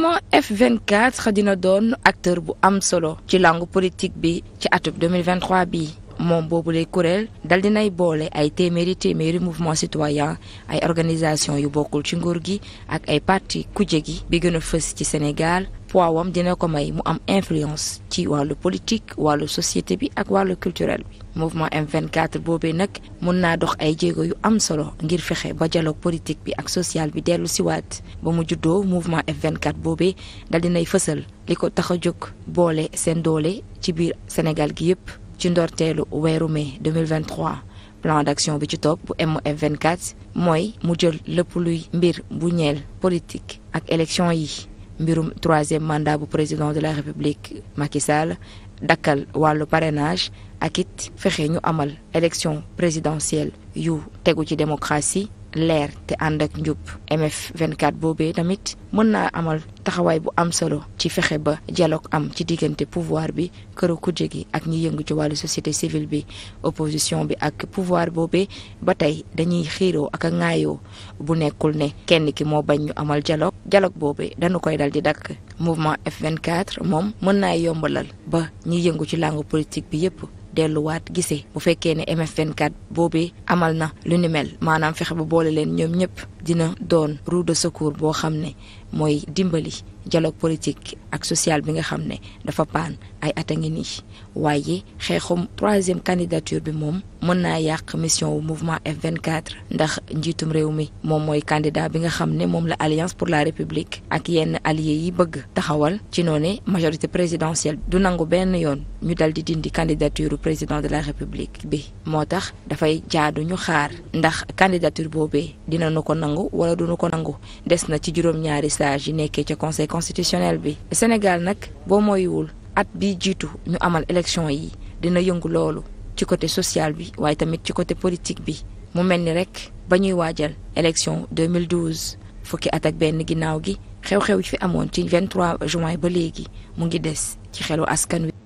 mouvement F24 dina doon acteur bu am solo ci langu politique bi ci atum 2023 bi moom boobu lay kuréel dal dinay boole ay téeméeri téeméeri mouvement citoyen ay organisation yu bokkul ci nguur gi ak ay partie kuje gi bi gën a fës ci Sénégal poiwam dina ko may mu am influence ci wàllu politique wàllu société bi ak wàllu culturel bi mouvement M24 boobee nag mun naa dox ay jéego yu am solo ngir fexe ba dialogue politique bi ak social bi dellu siwaat ba mu juddoo mouvement F24 boobee dal dinay fësal li ko tax a jóg boole seen doole ci biir Sénégal gi yépp ci ndorteelu weeru mai 2023 plan d'action bi ci topp bu MF24 mooy mu jël lépp luy mbir bu ñeel politique ak élection yi mbirum troisième mandat bu président de la république Macky Sall wàllu parrainage ak it fexe ñu amal élection présidentielle yu tegu ci démocratie leer te ànd ak njub MF24 boobee tamit mën naa amal taxawaay bu am solo ci fexe ba jaloog am ci diggante pouvoir bi këru kujje gi ak ñi yëngu ci wàllu société civile bi opposition bi ak pouvoir boobee ba tey dañuy xiiroo ak a ŋaayoo bu nekkul ne kenn ki moo bañ ñu amal dialogue jaloog boobee dañu koy dal di dakk mouvement F24 moom mën naa yombalal ba ñi yëngu ci langue politique bi yépp delluwaat gisee bu fekkee ne mfnkat 24 amal na lu ni mel maanaam fexe ba boole leen ñoom ñëpp. dina doon roue de secours boo xam ne mooy dimbali dialogue politique ak social bi nga xam ne dafa paan ay at a ngi nii waaye xeexum troisième candidature bi moom mën naa yàq mission mouvement F24 ndax njiitum réew mi moom mooy candidat bi nga xam ne moom la alliance pour la république ak yenn alliés yi bëgg taxawal ci noone majorité présidentielle du nangu benn yoon ñu dal di dindi candidature président de la république bi moo tax dafay jaadu ñu xaar ndax candidature boobee nangu wala duñu ko nangu des na ci juróom-ñaari sages yi nekkee ca conseil constitutionnel bi Sénégal nag boo mooywul at bi jiitu ñu amal élection yi dina yëngu loolu ci côté social bi waaye tamit ci côté politique bi mu mel ni rek ba ñuy waajal élection 2012 fukki at ak benn ginnaaw gi xew-xew yi fi amoon ci 23 juin ba léegi mu ngi des ci xelu askan wi